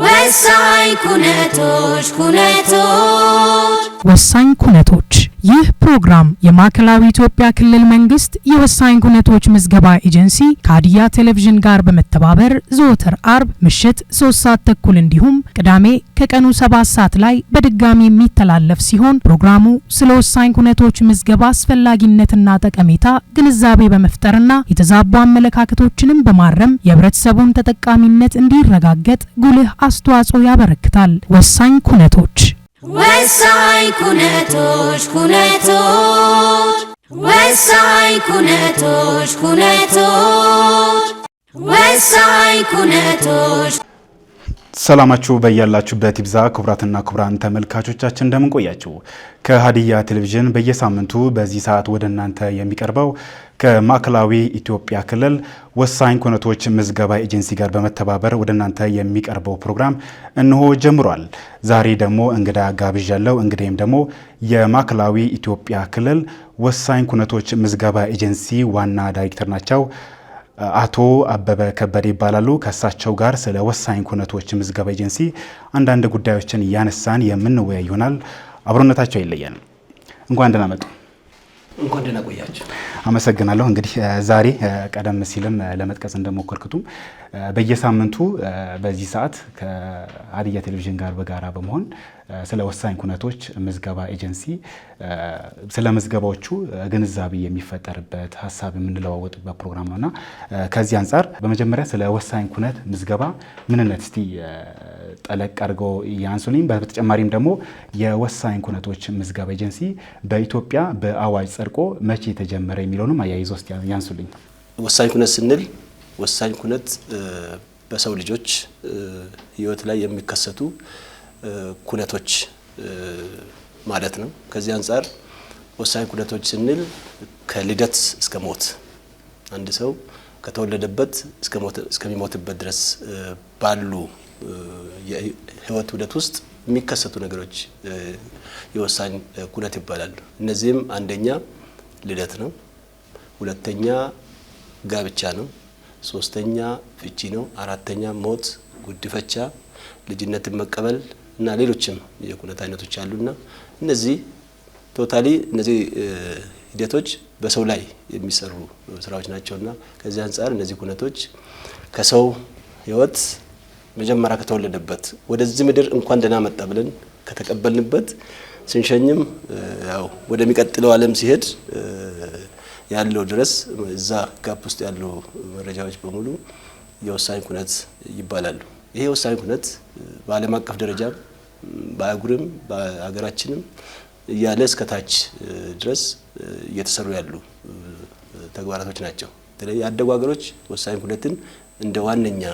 ወሳኝ ኩነቶች ኩነቶች ወሳኝ ኩነቶች ይህ ፕሮግራም የማዕከላዊ ኢትዮጵያ ክልል መንግስት የወሳኝ ኩነቶች ምዝገባ ኤጀንሲ ከሀዲያ ቴሌቪዥን ጋር በመተባበር ዘወትር አርብ ምሽት ሶስት ሰዓት ተኩል እንዲሁም ቅዳሜ ከቀኑ ሰባት ሰዓት ላይ በድጋሚ የሚተላለፍ ሲሆን ፕሮግራሙ ስለ ወሳኝ ኩነቶች ምዝገባ አስፈላጊነትና ጠቀሜታ ግንዛቤ በመፍጠርና የተዛቡ አመለካከቶችንም በማረም የህብረተሰቡን ተጠቃሚነት እንዲረጋገጥ ጉልህ አስተዋጽኦ ያበረክታል። ወሳኝ ኩነቶች ወሳኝ ኩነቶች ኩነቶች ወሳኝ ኩነቶች ኩነቶች ወሳኝ ኩነቶች ሰላማችሁ በያላችሁበት ይብዛ። ክቡራትና ክቡራን ተመልካቾቻችን እንደምንቆያችሁ ከሀዲያ ቴሌቪዥን በየሳምንቱ በዚህ ሰዓት ወደ እናንተ የሚቀርበው ከማዕከላዊ ኢትዮጵያ ክልል ወሳኝ ኩነቶች ምዝገባ ኤጀንሲ ጋር በመተባበር ወደ እናንተ የሚቀርበው ፕሮግራም እንሆ ጀምሯል። ዛሬ ደግሞ እንግዳ ጋብዣለሁ። እንግዲህም ደግሞ የማዕከላዊ ኢትዮጵያ ክልል ወሳኝ ኩነቶች ምዝገባ ኤጀንሲ ዋና ዳይሬክተር ናቸው አቶ አበበ ከበደ ይባላሉ። ከእሳቸው ጋር ስለ ወሳኝ ኩነቶች ምዝገባ ኤጀንሲ አንዳንድ ጉዳዮችን እያነሳን የምንወያይ ይሆናል። አብሮነታቸው ይለያል። እንኳን ደህና መጡ። እንኳን ደህና አመሰግናለሁ። እንግዲህ ዛሬ ቀደም ሲልም ለመጥቀስ እንደሞከርኩትም በየሳምንቱ በዚህ ሰዓት ከሀዲያ ቴሌቪዥን ጋር በጋራ በመሆን ስለ ወሳኝ ኩነቶች ምዝገባ ኤጀንሲ ስለ ምዝገባዎቹ ግንዛቤ የሚፈጠርበት ሀሳብ የምንለዋወጥበት ፕሮግራም ነውና ከዚህ አንጻር በመጀመሪያ ስለ ወሳኝ ኩነት ምዝገባ ምንነት እስቲ ጠለቅ አድርገው ያንሱልኝ። በተጨማሪም ደግሞ የወሳኝ ኩነቶች ምዝገባ ኤጀንሲ በኢትዮጵያ በአዋጅ ጸድቆ መቼ የተጀመረ የሚለውንም አያይዞ እስቲ ያንሱልኝ። ወሳኝ ኩነት ስንል ወሳኝ ኩነት በሰው ልጆች ህይወት ላይ የሚከሰቱ ኩነቶች ማለት ነው። ከዚህ አንጻር ወሳኝ ኩነቶች ስንል ከልደት እስከ ሞት አንድ ሰው ከተወለደበት እስከሚሞትበት ድረስ ባሉ የህይወት ውደት ውስጥ የሚከሰቱ ነገሮች የወሳኝ ኩነት ይባላሉ። እነዚህም አንደኛ ልደት ነው፣ ሁለተኛ ጋብቻ ነው፣ ሶስተኛ ፍቺ ነው፣ አራተኛ ሞት፣ ጉድፈቻ፣ ልጅነትን መቀበል እና ሌሎችም የኩነት አይነቶች አሉና እነዚህ ቶታሊ እነዚህ ሂደቶች በሰው ላይ የሚሰሩ ስራዎች ናቸውና ከዚህ አንጻር እነዚህ ኩነቶች ከሰው ህይወት መጀመሪያ ከተወለደበት ወደዚህ ምድር እንኳን ደህና መጣ ብለን ከተቀበልንበት ስንሸኝም ያው ወደሚቀጥለው ዓለም ሲሄድ ያለው ድረስ እዛ ጋፕ ውስጥ ያሉ መረጃዎች በሙሉ የወሳኝ ኩነት ይባላሉ። ይሄ የወሳኝ ኩነት በዓለም አቀፍ ደረጃ በአህጉርም በሀገራችንም እያለ እስከታች ድረስ እየተሰሩ ያሉ ተግባራቶች ናቸው። በተለይ ያደጉ ሀገሮች ወሳኝ ኩነትን እንደ ዋነኛ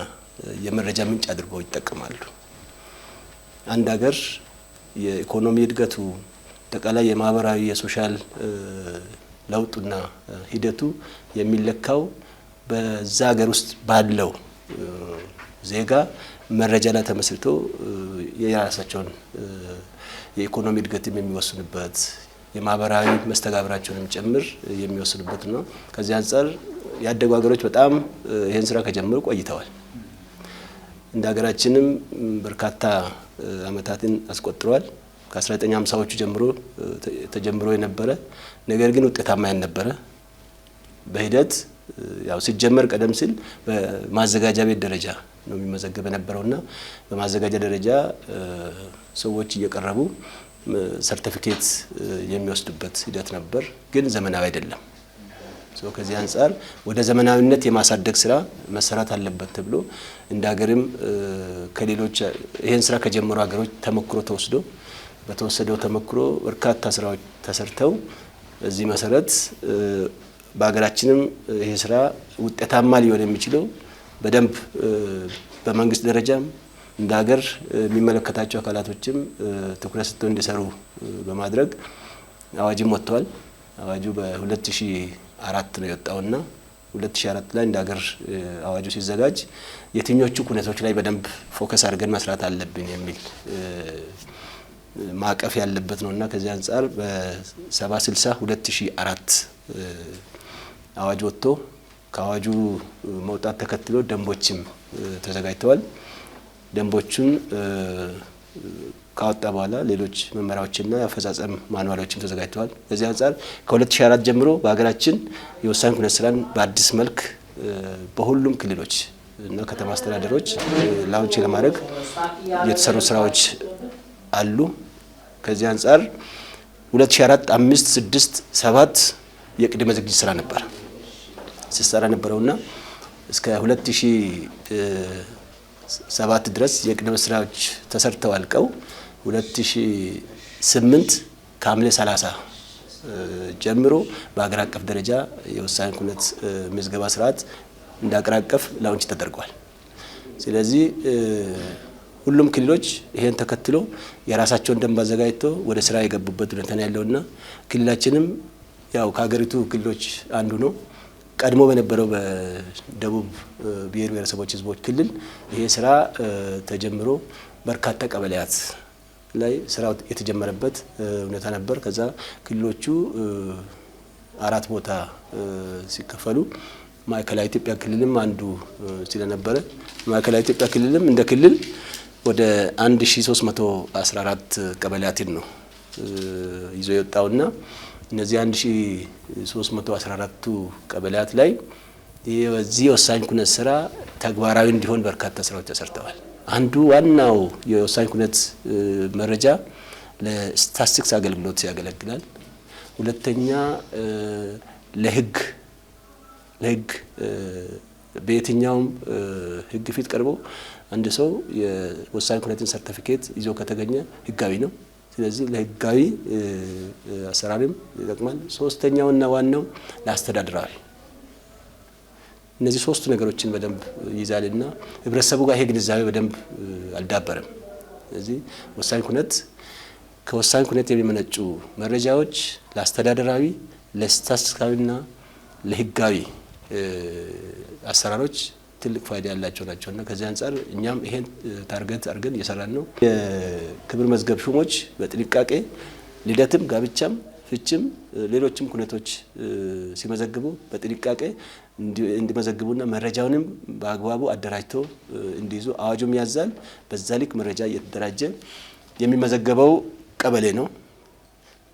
የመረጃ ምንጭ አድርገው ይጠቀማሉ። አንድ ሀገር የኢኮኖሚ እድገቱ አጠቃላይ የማህበራዊ የሶሻል ለውጡና ሂደቱ የሚለካው በዛ ሀገር ውስጥ ባለው ዜጋ መረጃ ላይ ተመስርቶ የራሳቸውን የኢኮኖሚ እድገትም የሚወስኑበት የማህበራዊ መስተጋብራቸውንም ጭምር የሚወስኑበት ነው። ከዚህ አንጻር ያደጉ ሀገሮች በጣም ይህን ስራ ከጀመሩ ቆይተዋል። እንደ ሀገራችንም በርካታ አመታትን አስቆጥረዋል። ከ1950ዎቹ ጀምሮ ተጀምሮ የነበረ ነገር ግን ውጤታማ ያልነበረ በሂደት ያው ሲጀመር ቀደም ሲል በማዘጋጃ ቤት ደረጃ ነው የሚመዘገብ የነበረውና በማዘጋጃ ደረጃ ሰዎች እየቀረቡ ሰርቲፊኬት የሚወስዱበት ሂደት ነበር፣ ግን ዘመናዊ አይደለም። ከዚህ አንጻር ወደ ዘመናዊነት የማሳደግ ስራ መሰራት አለበት ተብሎ እንደ ሀገርም ከሌሎች ይህን ስራ ከጀመሩ ሀገሮች ተሞክሮ ተወስዶ በተወሰደው ተሞክሮ በርካታ ስራዎች ተሰርተው በዚህ መሰረት በሀገራችንም ይህ ስራ ውጤታማ ሊሆን የሚችለው በደንብ በመንግስት ደረጃም እንደ ሀገር የሚመለከታቸው አካላቶችም ትኩረት ሰጥተው እንዲሰሩ በማድረግ አዋጅም ወጥተዋል። አዋጁ በ2004 ነው የወጣውና 2004 ላይ እንደ ሀገር አዋጁ ሲዘጋጅ የትኞቹ ኩነቶች ላይ በደንብ ፎከስ አድርገን መስራት አለብን የሚል ማዕቀፍ ያለበት ነው እና ከዚህ አንጻር በ760 2004 አዋጅ ወጥቶ ከአዋጁ መውጣት ተከትሎ ደንቦችም ተዘጋጅተዋል። ደንቦቹን ካወጣ በኋላ ሌሎች መመሪያዎችና የአፈጻጸም ማንዋሎችም ተዘጋጅተዋል። በዚህ አንጻር ከ2004 ጀምሮ በሀገራችን የወሳኝ ኩነት ስራን በአዲስ መልክ በሁሉም ክልሎች እና ከተማ አስተዳደሮች ላውንች ለማድረግ የተሰሩ ስራዎች አሉ። ከዚህ አንጻር 2004፣ 5፣ 6፣ 7 የቅድመ ዝግጅት ስራ ነበር። ሲሰራ ነበረውና እስከ 2007 ድረስ የቅድመ ስራዎች ተሰርተው አልቀው 2008 ከሐምሌ 30 ጀምሮ በሀገር አቀፍ ደረጃ የወሳኝ ኩነት ምዝገባ ስርዓት እንዳቀራቀፍ ላውንች ተደርጓል። ስለዚህ ሁሉም ክልሎች ይሄን ተከትሎ የራሳቸውን ደንብ አዘጋጅቶ ወደ ስራ የገቡበት ሁኔታ ያለውና ክልላችንም ያው ከሀገሪቱ ክልሎች አንዱ ነው። ቀድሞ በነበረው በደቡብ ብሔር ብሔረሰቦች ህዝቦች ክልል ይሄ ስራ ተጀምሮ በርካታ ቀበሌያት ላይ ስራው የተጀመረበት እውነታ ነበር። ከዛ ክልሎቹ አራት ቦታ ሲከፈሉ ማዕከላዊ ኢትዮጵያ ክልልም አንዱ ስለነበረ ማዕከላዊ ኢትዮጵያ ክልልም እንደ ክልል ወደ 1314 ቀበሌያትን ነው ይዞ የወጣውና እነዚህ 1314ቱ ቀበሌያት ላይ የዚህ ወሳኝ ኩነት ስራ ተግባራዊ እንዲሆን በርካታ ስራዎች ተሰርተዋል። አንዱ ዋናው የወሳኝ ኩነት መረጃ ለስታስቲክስ አገልግሎት ያገለግላል። ሁለተኛ ለህግ ለህግ በየትኛውም ህግ ፊት ቀርቦ አንድ ሰው የወሳኝ ኩነትን ሰርተፊኬት ይዞ ከተገኘ ህጋዊ ነው። ስለዚህ ለህጋዊ አሰራርም ይጠቅማል። ሶስተኛውና ዋናው ለአስተዳድራዊ እነዚህ ሶስቱ ነገሮችን በደንብ ይይዛልና ህብረተሰቡ ጋር ይሄ ግንዛቤ በደንብ አልዳበረም። ስለዚህ ወሳኝ ኩነት ከወሳኝ ኩነት የሚመነጩ መረጃዎች ለአስተዳደራዊ ለስታስካዊና ለህጋዊ አሰራሮች ትልቅ ፋይዳ ያላቸው ናቸው እና ከዚህ አንጻር እኛም ይሄን ታርገት አድርገን እየሰራን ነው። የክብር መዝገብ ሹሞች በጥንቃቄ ልደትም፣ ጋብቻም፣ ፍችም ሌሎችም ኩነቶች ሲመዘግቡ በጥንቃቄ እንዲመዘግቡና መረጃውንም በአግባቡ አደራጅቶ እንዲይዙ አዋጁም ያዛል። በዛ ልክ መረጃ እየተደራጀ የሚመዘገበው ቀበሌ ነው።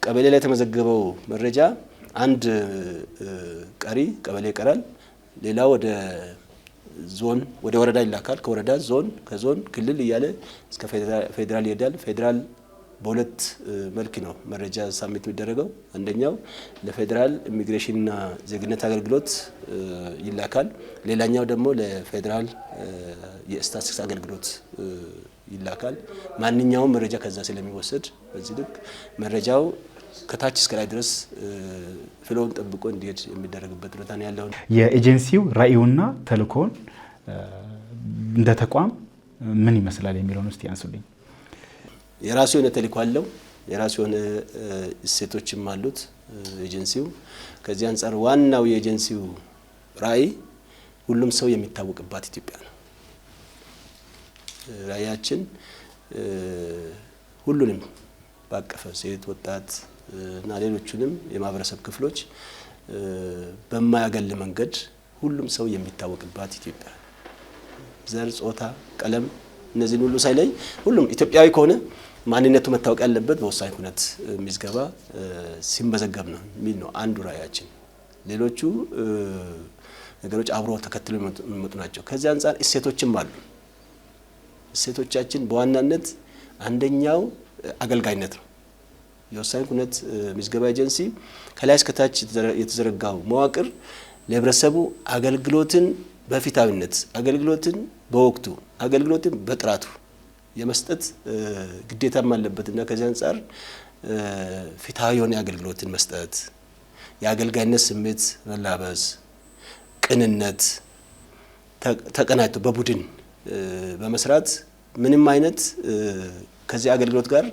ቀበሌ ላይ የተመዘገበው መረጃ አንድ ቀሪ ቀበሌ ይቀራል። ሌላ ወደ ዞን ወደ ወረዳ ይላካል። ከወረዳ ዞን፣ ከዞን ክልል እያለ እስከ ፌዴራል ይሄዳል። ፌዴራል በሁለት መልክ ነው መረጃ ሳሚት የሚደረገው። አንደኛው ለፌዴራል ኢሚግሬሽንና ዜግነት አገልግሎት ይላካል። ሌላኛው ደግሞ ለፌዴራል የስታትስቲክስ አገልግሎት ይላካል። ማንኛውም መረጃ ከዛ ስለሚወሰድ በዚህ ልክ መረጃው ከታች እስከ ላይ ድረስ ፍሎውን ጠብቆ እንዲሄድ የሚደረግበት ሁኔታ ነው ያለው። የኤጀንሲው ራዕዩና ተልእኮውን እንደ ተቋም ምን ይመስላል የሚለውን ውስጥ ያንሱልኝ። የራሱ የሆነ ተልእኮ አለው። የራሱ የሆነ እሴቶችም አሉት ኤጀንሲው። ከዚህ አንጻር ዋናው የኤጀንሲው ራዕይ ሁሉም ሰው የሚታወቅባት ኢትዮጵያ ነው። ራዕያችን ሁሉንም ባቀፈ ሴት፣ ወጣት እና ሌሎቹንም የማህበረሰብ ክፍሎች በማያገል መንገድ ሁሉም ሰው የሚታወቅባት ኢትዮጵያ ዘር፣ ጾታ፣ ቀለም እነዚህን ሁሉ ሳይለይ ሁሉም ኢትዮጵያዊ ከሆነ ማንነቱ መታወቅ ያለበት በወሳኝ ኩነት የሚዝገባ ሲመዘገብ ነው የሚል ነው አንዱ ራዕያችን። ሌሎቹ ነገሮች አብሮ ተከትሎ የሚመጡ ናቸው። ከዚህ አንጻር እሴቶችም አሉ። እሴቶቻችን በዋናነት አንደኛው አገልጋይነት ነው። የወሳኝ ኩነት ምዝገባ ኤጀንሲ ከላይ እስከታች የተዘረጋው መዋቅር ለህብረተሰቡ አገልግሎትን በፊታዊነት አገልግሎትን በወቅቱ አገልግሎትን በጥራቱ የመስጠት ግዴታም አለበትና እና ከዚህ አንጻር ፊታዊ የሆነ አገልግሎትን መስጠት፣ የአገልጋይነት ስሜት መላበስ፣ ቅንነት፣ ተቀናጅቶ በቡድን በመስራት ምንም አይነት ከዚህ አገልግሎት ጋር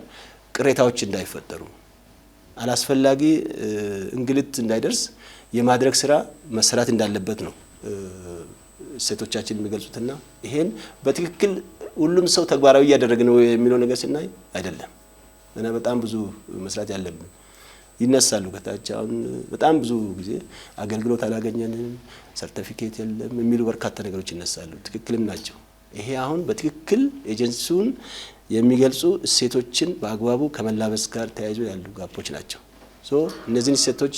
ቅሬታዎች እንዳይፈጠሩ፣ አላስፈላጊ እንግልት እንዳይደርስ የማድረግ ስራ መሰራት እንዳለበት ነው ሴቶቻችን የሚገልጹትና ይሄን በትክክል ሁሉም ሰው ተግባራዊ እያደረገ ነው የሚለው ነገር ስናይ አይደለም እና በጣም ብዙ መስራት ያለብን ይነሳሉ። ከታች አሁን በጣም ብዙ ጊዜ አገልግሎት አላገኘንም፣ ሰርተፊኬት የለም የሚሉ በርካታ ነገሮች ይነሳሉ። ትክክልም ናቸው። ይሄ አሁን በትክክል ኤጀንሲውን የሚገልጹ እሴቶችን በአግባቡ ከመላበስ ጋር ተያይዞ ያሉ ጋቦች ናቸው። እነዚህን እሴቶች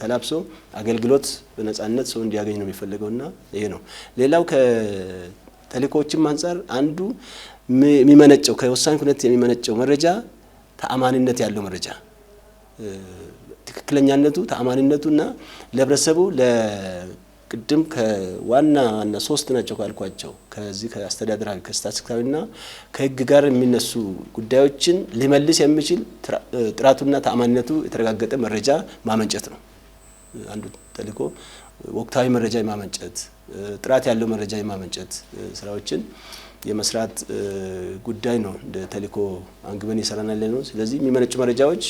ተላብሶ አገልግሎት በነጻነት ሰው እንዲያገኝ ነው የሚፈለገውና ይሄ ነው። ሌላው ከተልእኮዎችም አንጻር አንዱ የሚመነጨው ከወሳኝ ኩነት የሚመነጨው መረጃ ተአማኒነት ያለው መረጃ ትክክለኛነቱ እና ለህብረተሰቡ ቅድም ከዋና ዋና ሶስት ናቸው ካልኳቸው ከዚህ ከአስተዳደራዊ ከስታትስቲካዊና ከህግ ጋር የሚነሱ ጉዳዮችን ሊመልስ የሚችል ጥራቱና ተአማኒነቱ የተረጋገጠ መረጃ ማመንጨት ነው። አንዱ ተልእኮ ወቅታዊ መረጃ የማመንጨት ጥራት ያለው መረጃ የማመንጨት ስራዎችን የመስራት ጉዳይ ነው። እንደ ተልእኮ አንግበን ይሰራናል ነው። ስለዚህ የሚመነጩ መረጃዎች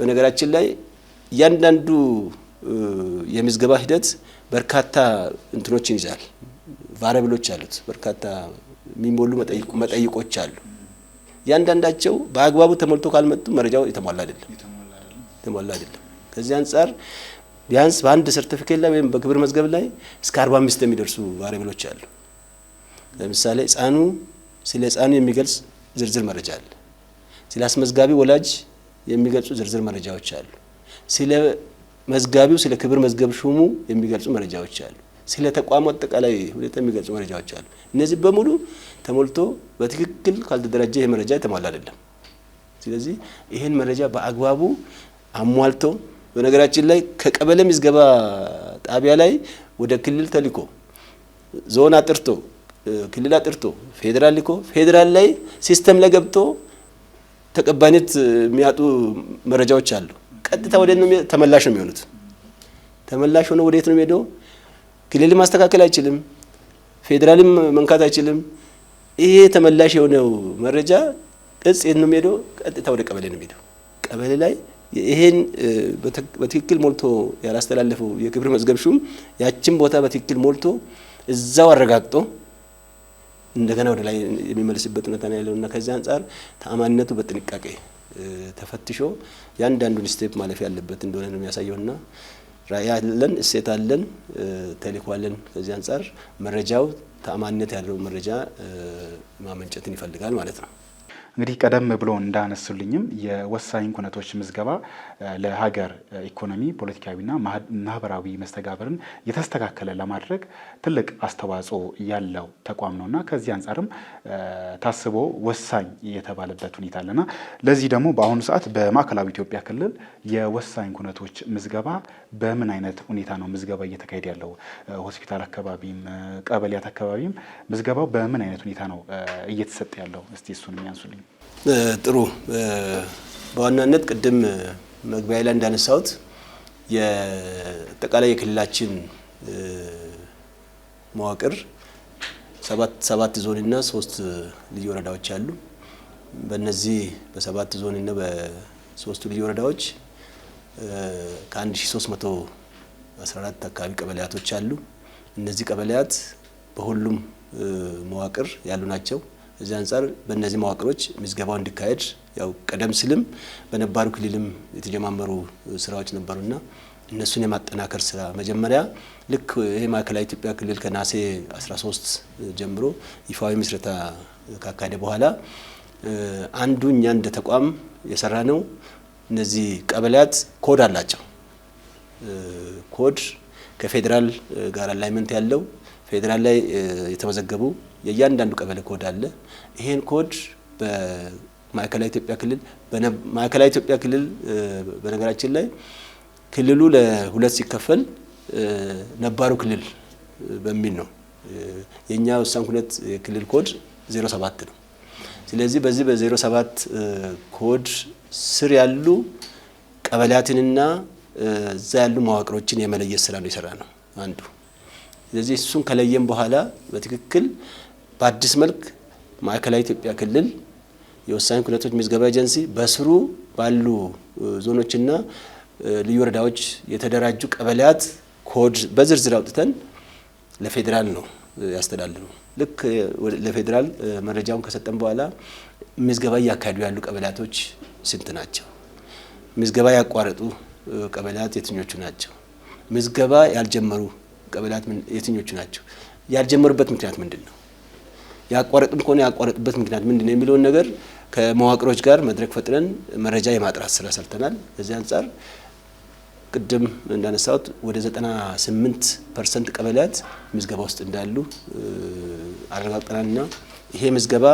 በነገራችን ላይ እያንዳንዱ የምዝገባ ሂደት በርካታ እንትኖችን ይዛል። ቫሪያብሎች አሉት፣ በርካታ የሚሞሉ መጠይቆች አሉ። እያንዳንዳቸው በአግባቡ ተሞልቶ ካልመጡ መረጃው የተሟላ አይደለም የተሟላ አይደለም። ከዚህ አንጻር ቢያንስ በአንድ ሰርቲፊኬት ላይ ወይም በክብር መዝገብ ላይ እስከ አምስት የሚደርሱ ቫሪያብሎች አሉ። ለምሳሌ ህጻኑ ስለ ህጻኑ የሚገልጽ ዝርዝር መረጃ አለ። ስለ አስመዝጋቢ ወላጅ የሚገልጹ ዝርዝር መረጃዎች አሉ። ስለ መዝጋቢው ስለ ክብር መዝገብ ሹሙ የሚገልጹ መረጃዎች አሉ። ስለ ተቋሙ አጠቃላይ ሁኔታ የሚገልጹ መረጃዎች አሉ። እነዚህ በሙሉ ተሞልቶ በትክክል ካልተደራጀ ይህ መረጃ የተሟላ አይደለም። ስለዚህ ይህን መረጃ በአግባቡ አሟልቶ በነገራችን ላይ ከቀበሌ ምዝገባ ጣቢያ ላይ ወደ ክልል ተልኮ ዞን አጥርቶ ክልል አጥርቶ ፌዴራል ልኮ ፌዴራል ላይ ሲስተም ላይ ገብቶ ተቀባይነት የሚያጡ መረጃዎች አሉ። ቀጥታ ወደ ተመላሽ ነው የሚሆኑት። ተመላሽ ሆኖ ወዴት ነው የሚሄደው? ክልል ማስተካከል አይችልም፣ ፌዴራልም መንካት አይችልም። ይሄ ተመላሽ የሆነው መረጃ ቅጽ የት ነው የሚሄደው? ቀጥታ ወደ ቀበሌ ነው የሚሄደው። ቀበሌ ላይ ይሄን በትክክል ሞልቶ ያላስተላለፈው የግብር መዝገብ ሹም ያችን ቦታ በትክክል ሞልቶ እዛው አረጋግጦ እንደገና ወደ ላይ የሚመልስበት ሁኔታ ነው ያለውና ከዚህ አንጻር ተአማኒነቱ በጥንቃቄ ተፈትሾ ያንዳንዱን ስቴፕ ማለፍ ያለበት እንደሆነ ነው የሚያሳየውና ራእይ አለን፣ እሴት አለን፣ ተልዕኮ አለን። ከዚህ አንጻር መረጃው ተአማንነት ያለው መረጃ ማመንጨትን ይፈልጋል ማለት ነው። እንግዲህ ቀደም ብሎ እንዳነሱልኝም የወሳኝ ኩነቶች ምዝገባ ለሀገር ኢኮኖሚ ፖለቲካዊና ማህበራዊ መስተጋብርን የተስተካከለ ለማድረግ ትልቅ አስተዋጽኦ ያለው ተቋም ነውና ከዚህ አንጻርም ታስቦ ወሳኝ የተባለበት ሁኔታ አለና ለዚህ ደግሞ በአሁኑ ሰዓት በማዕከላዊ ኢትዮጵያ ክልል የወሳኝ ኩነቶች ምዝገባ በምን አይነት ሁኔታ ነው ምዝገባ እየተካሄደ ያለው? ሆስፒታል አካባቢም ቀበሌያት አካባቢም ምዝገባው በምን አይነት ሁኔታ ነው እየተሰጠ ያለው? እስቲ እሱን የሚያንሱልኝ ጥሩ። በዋናነት ቅድም መግቢያ ላይ እንዳነሳሁት የአጠቃላይ የክልላችን መዋቅር ሰባት ዞንና ሶስት ልዩ ወረዳዎች አሉ። በነዚህ በሰባት ዞንና በሶስቱ ልዩ ወረዳዎች ከ1314 አካባቢ ቀበሌያቶች አሉ። እነዚህ ቀበሌያት በሁሉም መዋቅር ያሉ ናቸው። እዚ አንጻር በእነዚህ መዋቅሮች ምዝገባው እንዲካሄድ ያው ቀደም ሲልም በነባሩ ክልልም የተጀማመሩ ስራዎች ነበሩና እነሱን የማጠናከር ስራ መጀመሪያ ልክ ይሄ ማዕከላዊ ኢትዮጵያ ክልል ከነሐሴ 13 ጀምሮ ይፋዊ ምስረታ ካካሄደ በኋላ አንዱ እኛ እንደ ተቋም የሰራ ነው። እነዚህ ቀበሌያት ኮድ አላቸው። ኮድ ከፌዴራል ጋር አላይመንት ያለው ፌዴራል ላይ የተመዘገቡ የእያንዳንዱ ቀበሌ ኮድ አለ። ይሄን ኮድ በማዕከላዊ ኢትዮጵያ ክልል ማዕከላዊ ኢትዮጵያ ክልል በነገራችን ላይ ክልሉ ለሁለት ሲከፈል ነባሩ ክልል በሚል ነው። የእኛ ወሳኝ ኩነት የክልል ኮድ 07 ነው። ስለዚህ በዚህ በ07 ኮድ ስር ያሉ ቀበሌያትንና እዛ ያሉ መዋቅሮችን የመለየት ስራ ነው የሰራ ነው አንዱ። ስለዚህ እሱን ከለየም በኋላ በትክክል በአዲስ መልክ ማዕከላዊ ኢትዮጵያ ክልል የወሳኝ ኩነቶች ምዝገባ ኤጀንሲ በስሩ ባሉ ዞኖችና ልዩ ወረዳዎች የተደራጁ ቀበሌያት ኮድ በዝርዝር አውጥተን ለፌዴራል ነው ያስተላልፉ። ልክ ለፌዴራል መረጃውን ከሰጠን በኋላ ምዝገባ እያካሄዱ ያሉ ቀበሌያቶች ስንት ናቸው? ምዝገባ ያቋረጡ ቀበሌያት የትኞቹ ናቸው? ምዝገባ ያልጀመሩ ቀበሌያት የትኞቹ ናቸው? ያልጀመሩበት ምክንያት ምንድን ነው? ያቋረጥን ከሆነ ያቋረጥበት ምክንያት ምንድን ነው የሚለውን ነገር ከመዋቅሮች ጋር መድረክ ፈጥረን መረጃ የማጥራት ስራ ሰርተናል። ከዚህ አንጻር ቅድም እንዳነሳሁት ወደ 98 ፐርሰንት ቀበሌያት ምዝገባ ውስጥ እንዳሉ አረጋግጠናልና ይሄ ምዝገባ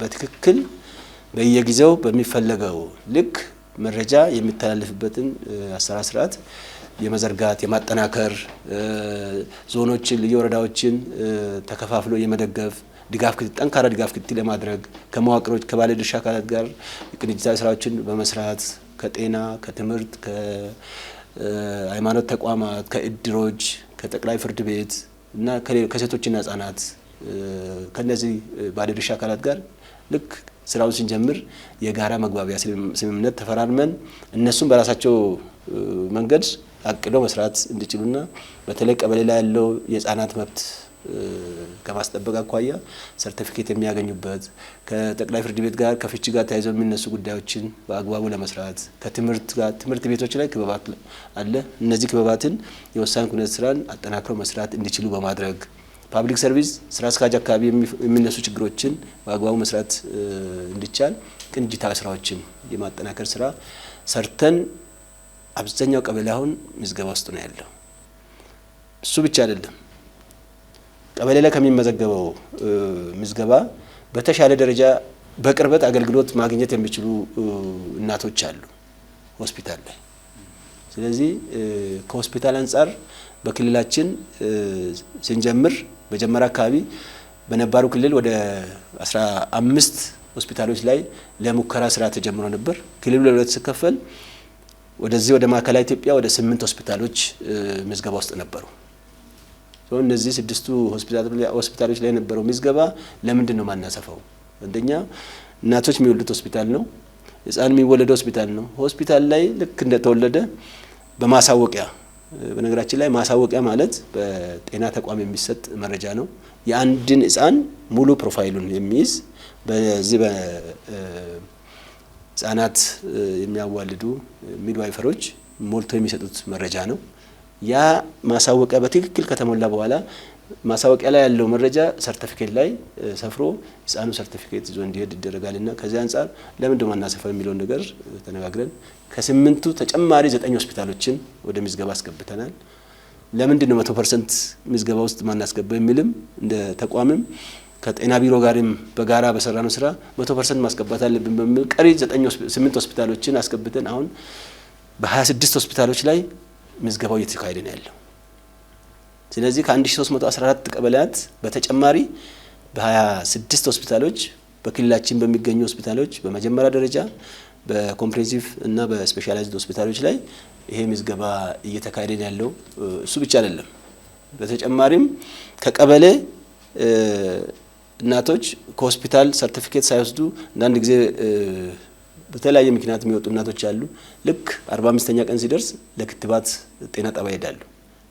በትክክል በየጊዜው በሚፈለገው ልክ መረጃ የሚተላለፍበትን አሰራር ስርዓት የመዘርጋት የማጠናከር ዞኖችን ልዩ ወረዳዎችን ተከፋፍሎ የመደገፍ ድጋፍ ጠንካራ ድጋፍ ክትትል ለማድረግ ከመዋቅሮች ከባለድርሻ አካላት ጋር ቅንጅታዊ ስራዎችን በመስራት ከጤና፣ ከትምህርት፣ ከሃይማኖት ተቋማት፣ ከእድሮች፣ ከጠቅላይ ፍርድ ቤት እና ከሴቶችና ህጻናት ከነዚህ ባለድርሻ አካላት ጋር ልክ ስራውን ስንጀምር የጋራ መግባቢያ ስምምነት ተፈራርመን እነሱም በራሳቸው መንገድ አቅደው መስራት እንዲችሉና በተለይ ቀበሌ ላይ ያለው የህጻናት መብት ከማስጠበቅ አኳያ ሰርተፊኬት የሚያገኙበት ከጠቅላይ ፍርድ ቤት ጋር ከፍቺ ጋር ተያይዘው የሚነሱ ጉዳዮችን በአግባቡ ለመስራት ከትምህርት ጋር ትምህርት ቤቶች ላይ ክበባት አለ። እነዚህ ክበባትን የወሳኝ ኩነት ስራን አጠናክረው መስራት እንዲችሉ በማድረግ ፓብሊክ ሰርቪስ ስራ አስኪያጅ አካባቢ የሚነሱ ችግሮችን በአግባቡ መስራት እንዲቻል ቅንጅታዊ ስራዎችን የማጠናከር ስራ ሰርተን አብዛኛው ቀበሌ አሁን ምዝገባ ውስጥ ነው ያለው። እሱ ብቻ አይደለም። ቀበሌ ላይ ከሚመዘገበው ምዝገባ በተሻለ ደረጃ በቅርበት አገልግሎት ማግኘት የሚችሉ እናቶች አሉ ሆስፒታል ላይ። ስለዚህ ከሆስፒታል አንጻር በክልላችን ስንጀምር በጀመረ አካባቢ በነባሩ ክልል ወደ 15 ሆስፒታሎች ላይ ለሙከራ ስራ ተጀምሮ ነበር። ክልሉ ለሁለት ሲከፈል ወደዚህ ወደ ማዕከላዊ ኢትዮጵያ ወደ ስምንት ሆስፒታሎች ምዝገባ ውስጥ ነበሩ። እነዚህ ስድስቱ ሆስፒታሎች ላይ የነበረው ምዝገባ ለምንድን ነው ማናሰፈው? አንደኛ እናቶች የሚወልዱት ሆስፒታል ነው። ህፃን የሚወለደ ሆስፒታል ነው። ሆስፒታል ላይ ልክ እንደተወለደ በማሳወቂያ በነገራችን ላይ ማሳወቂያ ማለት በጤና ተቋም የሚሰጥ መረጃ ነው። የአንድን ህፃን ሙሉ ፕሮፋይሉን የሚይዝ በዚህ በህፃናት የሚያዋልዱ ሚድዋይፈሮች ሞልቶ የሚሰጡት መረጃ ነው። ያ ማሳወቂያ በትክክል ከተሞላ በኋላ ማሳወቂያ ላይ ያለው መረጃ ሰርተፊኬት ላይ ሰፍሮ ህፃኑ ሰርተፊኬት ይዞ እንዲሄድ ይደረጋል ና ከዚህ አንጻር ለምንድን ነው ማናሰፈር የሚለውን ነገር ተነጋግረን ከስምንቱ ተጨማሪ ዘጠኝ ሆስፒታሎችን ወደ ምዝገባ አስገብተናል። ለምንድን ነው መቶ ፐርሰንት ምዝገባ ውስጥ ማናስገባ የሚልም እንደ ተቋምም ከጤና ቢሮ ጋርም በጋራ በሰራነው ስራ መቶ ፐርሰንት ማስገባት አለብን በሚል ቀሪ ስምንት ሆስፒታሎችን አስገብተን አሁን በሀያ ስድስት ሆስፒታሎች ላይ ምዝገባው እየተካሄደ ነው ያለው። ስለዚህ ከ1314 ቀበሌያት በተጨማሪ በ26 ሆስፒታሎች በክልላችን በሚገኙ ሆስፒታሎች በመጀመሪያ ደረጃ በኮምፕሬንሲቭ እና በስፔሻላይዝድ ሆስፒታሎች ላይ ይሄ ምዝገባ እየተካሄደ ነው ያለው። እሱ ብቻ አይደለም። በተጨማሪም ከቀበሌ እናቶች ከሆስፒታል ሰርቲፊኬት ሳይወስዱ አንዳንድ ጊዜ በተለያየ ምክንያት የሚወጡ እናቶች አሉ። ልክ አርባ አምስተኛ ቀን ሲደርስ ለክትባት ጤና ጣቢያ ይሄዳሉ።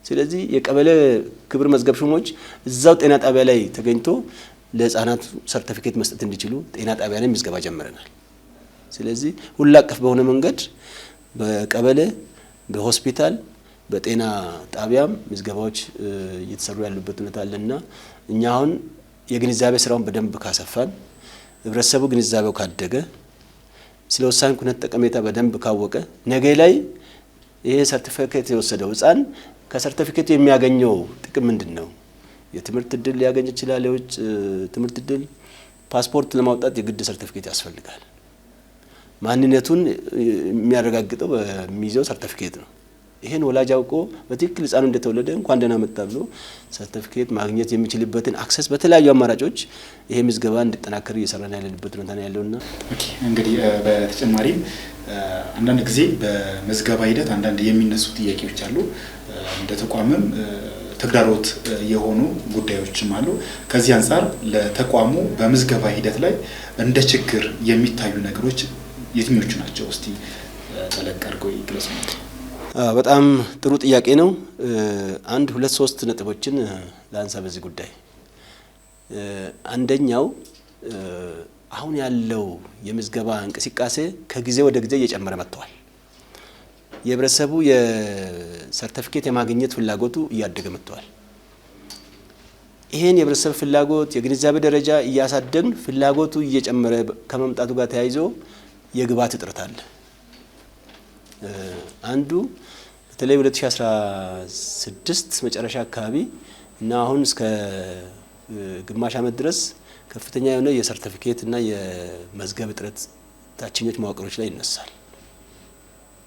ስለዚህ የቀበሌ ክብር መዝገብ ሹሞች እዛው ጤና ጣቢያ ላይ ተገኝቶ ለህፃናት ሰርተፊኬት መስጠት እንዲችሉ ጤና ጣቢያ ላይ ምዝገባ ጀምረናል። ስለዚህ ሁላ አቀፍ በሆነ መንገድ በቀበሌ በሆስፒታል፣ በጤና ጣቢያም ምዝገባዎች እየተሰሩ ያሉበት ሁኔታ አለና እኛ አሁን የግንዛቤ ስራውን በደንብ ካሰፋን ህብረተሰቡ ግንዛቤው ካደገ ስለ ወሳኝ ኩነት ጠቀሜታ በደንብ ካወቀ ነገ ላይ ይሄ ሰርቲፊኬት የወሰደው ህፃን ከሰርቲፊኬቱ የሚያገኘው ጥቅም ምንድን ነው? የትምህርት እድል ሊያገኝ ይችላል። የውጭ ትምህርት እድል፣ ፓስፖርት ለማውጣት የግድ ሰርቲፊኬት ያስፈልጋል። ማንነቱን የሚያረጋግጠው በሚይዘው ሰርቲፊኬት ነው። ይሄን ወላጅ አውቆ በትክክል ህጻኑ እንደተወለደ እንኳን ደህና መጣ ብሎ ሰርተፊኬት ማግኘት የሚችልበትን አክሰስ በተለያዩ አማራጮች ይሄ ምዝገባ እንዲጠናከር እየሰራን ያለንበት ሁኔታ ነው ያለውና እንግዲህ በተጨማሪም አንዳንድ ጊዜ በምዝገባ ሂደት አንዳንድ የሚነሱ ጥያቄዎች አሉ። እንደ ተቋምም ተግዳሮት የሆኑ ጉዳዮችም አሉ። ከዚህ አንጻር ለተቋሙ በምዝገባ ሂደት ላይ እንደ ችግር የሚታዩ ነገሮች የትኞቹ ናቸው? እስቲ ተለቅ አድርገው ይግለጹ። በጣም ጥሩ ጥያቄ ነው። አንድ ሁለት ሶስት ነጥቦችን ለአንሳ በዚህ ጉዳይ። አንደኛው አሁን ያለው የምዝገባ እንቅስቃሴ ከጊዜ ወደ ጊዜ እየጨመረ መጥተዋል። የህብረተሰቡ የሰርተፊኬት የማግኘት ፍላጎቱ እያደገ መጥተዋል። ይህን የህብረተሰብ ፍላጎት የግንዛቤ ደረጃ እያሳደግን ፍላጎቱ እየጨመረ ከመምጣቱ ጋር ተያይዞ የግብዓት እጥረት አለ አንዱ በተለይ 2016 መጨረሻ አካባቢ እና አሁን እስከ ግማሽ ዓመት ድረስ ከፍተኛ የሆነ የሰርቲፊኬት እና የመዝገብ እጥረት ታችኞች መዋቅሮች ላይ ይነሳል።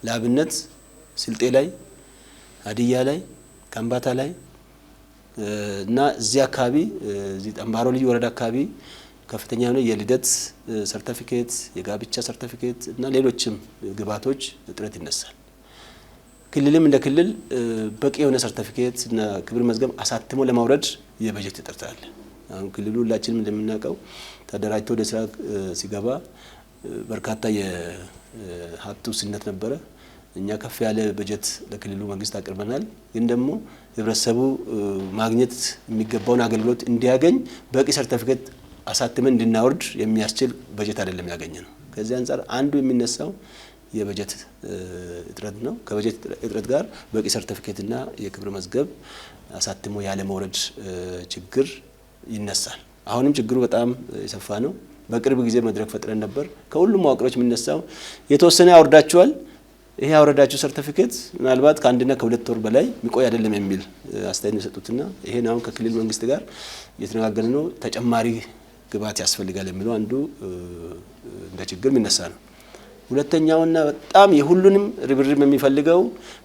ለአብነት ስልጤ ላይ፣ ሀዲያ ላይ፣ ከምባታ ላይ እና እዚህ አካባቢ እዚህ ጠንባሮ ልዩ ወረዳ አካባቢ ከፍተኛ የሆነ የልደት ሰርተፊኬት፣ የጋብቻ ሰርተፊኬት እና ሌሎችም ግባቶች እጥረት ይነሳል። ክልልም እንደ ክልል በቂ የሆነ ሰርተፊኬት እና ክብር መዝገብ አሳትሞ ለማውረድ የበጀት እጥረት አሁን ክልሉ ሁላችንም እንደምናውቀው ተደራጅቶ ወደ ስራ ሲገባ በርካታ የሀብት ውስነት ነበረ። እኛ ከፍ ያለ በጀት ለክልሉ መንግስት አቅርበናል። ግን ደግሞ ህብረተሰቡ ማግኘት የሚገባውን አገልግሎት እንዲያገኝ በቂ ሰርተፊኬት አሳትመን እንድናወርድ የሚያስችል በጀት አይደለም ያገኘ ነው። ከዚህ አንጻር አንዱ የሚነሳው የበጀት እጥረት ነው። ከበጀት እጥረት ጋር በቂ ሰርተፊኬትና የክብር መዝገብ አሳትሞ ያለመውረድ ችግር ይነሳል። አሁንም ችግሩ በጣም የሰፋ ነው። በቅርብ ጊዜ መድረክ ፈጥረን ነበር። ከሁሉም መዋቅሮች የምነሳው የተወሰነ ያወርዳችኋል፣ ይሄ ያወረዳችሁ ሰርተፊኬት ምናልባት ከአንድና ከሁለት ወር በላይ ሚቆይ አይደለም የሚል አስተያየት የሰጡትና ይሄን አሁን ከክልል መንግስት ጋር እየተነጋገርን ነው። ተጨማሪ ግብዓት ያስፈልጋል የሚለው አንዱ እንደ ችግር የሚነሳ ነው። ሁለተኛውና በጣም የሁሉንም ርብርብ የሚፈልገው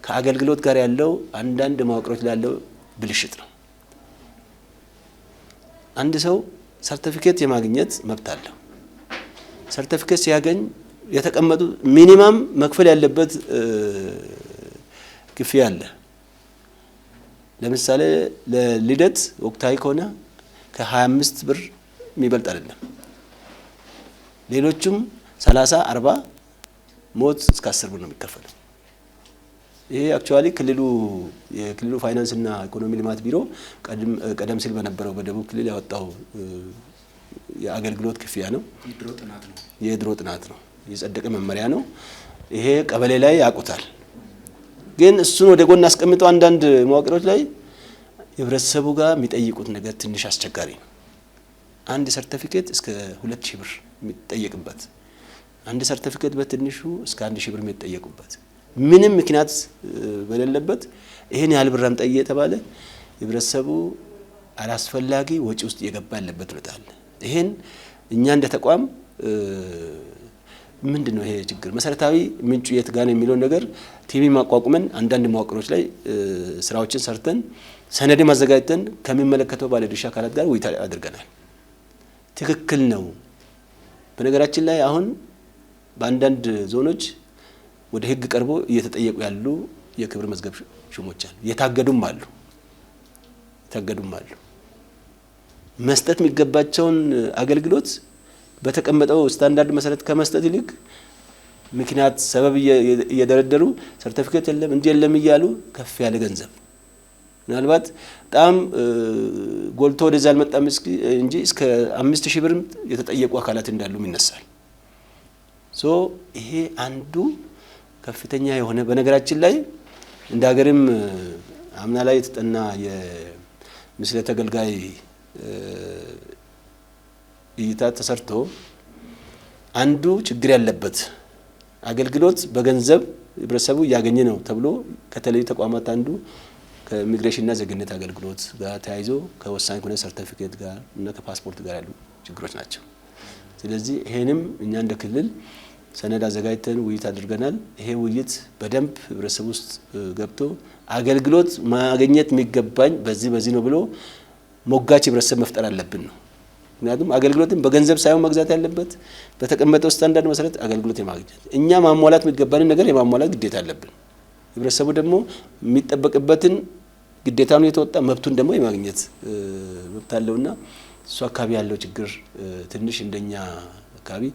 ከአገልግሎት ጋር ያለው አንዳንድ መዋቅሮች ላለው ብልሽት ነው። አንድ ሰው ሰርተፊኬት የማግኘት መብት አለው። ሰርተፊኬት ሲያገኝ የተቀመጡ ሚኒማም መክፈል ያለበት ክፍያ አለ። ለምሳሌ ለልደት ወቅታዊ ከሆነ ከ25 ብር የሚበልጥ አይደለም። ሌሎችም 30 40 ሞት እስከ አስር ብር ነው የሚከፈለው። ይሄ አክቹዋሊ ክልሉ የክልሉ ፋይናንስና ኢኮኖሚ ልማት ቢሮ ቀደም ሲል በነበረው በደቡብ ክልል ያወጣው የአገልግሎት ክፍያ ነው። የድሮ ጥናት ነው፣ የጸደቀ መመሪያ ነው። ይሄ ቀበሌ ላይ ያውቁታል። ግን እሱን ወደ ጎን አስቀምጠው አንዳንድ መዋቅሮች ላይ ህብረተሰቡ ጋር የሚጠይቁት ነገር ትንሽ አስቸጋሪ ነው። አንድ ሰርተፊኬት እስከ ሁለት ሺህ ብር የሚጠየቅበት አንድ ሰርተፊኬት በትንሹ እስከ አንድ ሺህ ብር የሚጠየቁበት ምንም ምክንያት በሌለበት ይህን ያህል ብር አምጣ እየተባለ ህብረተሰቡ አላስፈላጊ ወጪ ውስጥ እየገባ ያለበት ሁኔታ አለ። ይህን እኛ እንደ ተቋም ምንድን ነው ይሄ ችግር መሰረታዊ ምንጩ የት ጋር ነው የሚለው ነገር ቲቪ ማቋቁመን አንዳንድ መዋቅሮች ላይ ስራዎችን ሰርተን ሰነድ ማዘጋጀተን ከሚመለከተው ባለድርሻ አካላት ጋር ውይይት አድርገናል። ትክክል ነው። በነገራችን ላይ አሁን በአንዳንድ ዞኖች ወደ ህግ ቀርቦ እየተጠየቁ ያሉ የክብር መዝገብ ሹሞች አሉ። የታገዱም አሉ የታገዱም አሉ። መስጠት የሚገባቸውን አገልግሎት በተቀመጠው ስታንዳርድ መሰረት ከመስጠት ይልቅ ምክንያት ሰበብ እየደረደሩ ሰርተፊኬት የለም እንዲህ የለም እያሉ ከፍ ያለ ገንዘብ ምናልባት በጣም ጎልቶ ወደዛ አልመጣም እንጂ እስከ አምስት ሺህ ብርም የተጠየቁ አካላት እንዳሉም ይነሳል። ሶ ይሄ አንዱ ከፍተኛ የሆነ በነገራችን ላይ እንደ ሀገርም አምና ላይ የተጠና የምስለ ተገልጋይ እይታ ተሰርቶ አንዱ ችግር ያለበት አገልግሎት በገንዘብ ህብረተሰቡ እያገኘ ነው ተብሎ ከተለዩ ተቋማት አንዱ ከኢሚግሬሽንና ዜግነት አገልግሎት ጋር ተያይዞ ከወሳኝ ኩነት ሰርተፊኬት ጋር እና ከፓስፖርት ጋር ያሉ ችግሮች ናቸው። ስለዚህ ይሄንም እኛ እንደ ክልል ሰነድ አዘጋጅተን ውይይት አድርገናል። ይሄ ውይይት በደንብ ህብረተሰብ ውስጥ ገብቶ አገልግሎት ማግኘት የሚገባኝ በዚህ በዚህ ነው ብሎ ሞጋች ህብረተሰብ መፍጠር አለብን ነው። ምክንያቱም አገልግሎትን በገንዘብ ሳይሆን መግዛት ያለበት በተቀመጠው ስታንዳርድ መሰረት አገልግሎት የማግኘት እኛ ማሟላት የሚገባንን ነገር የማሟላት ግዴታ አለብን። ህብረተሰቡ ደግሞ የሚጠበቅበትን ግዴታውን የተወጣ መብቱን ደግሞ የማግኘት መብት አለውና እሱ አካባቢ ያለው ችግር ትንሽ እንደኛ አካባቢ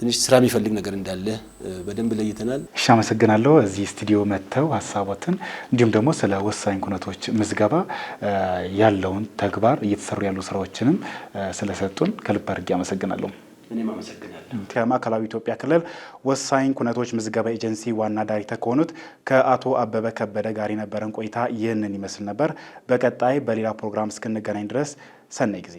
ትንሽ ስራ የሚፈልግ ነገር እንዳለ በደንብ ለይተናል። እሺ፣ አመሰግናለሁ። እዚህ ስቱዲዮ መጥተው ሀሳቦትን እንዲሁም ደግሞ ስለ ወሳኝ ኩነቶች ምዝገባ ያለውን ተግባር እየተሰሩ ያሉ ስራዎችንም ስለሰጡን ከልብ አድርጌ አመሰግናለሁ። ከማዕከላዊ ኢትዮጵያ ክልል ወሳኝ ኩነቶች ምዝገባ ኤጀንሲ ዋና ዳይሬክተር ከሆኑት ከአቶ አበበ ከበደ ጋር የነበረን ቆይታ ይህንን ይመስል ነበር። በቀጣይ በሌላ ፕሮግራም እስክንገናኝ ድረስ ሰናይ ጊዜ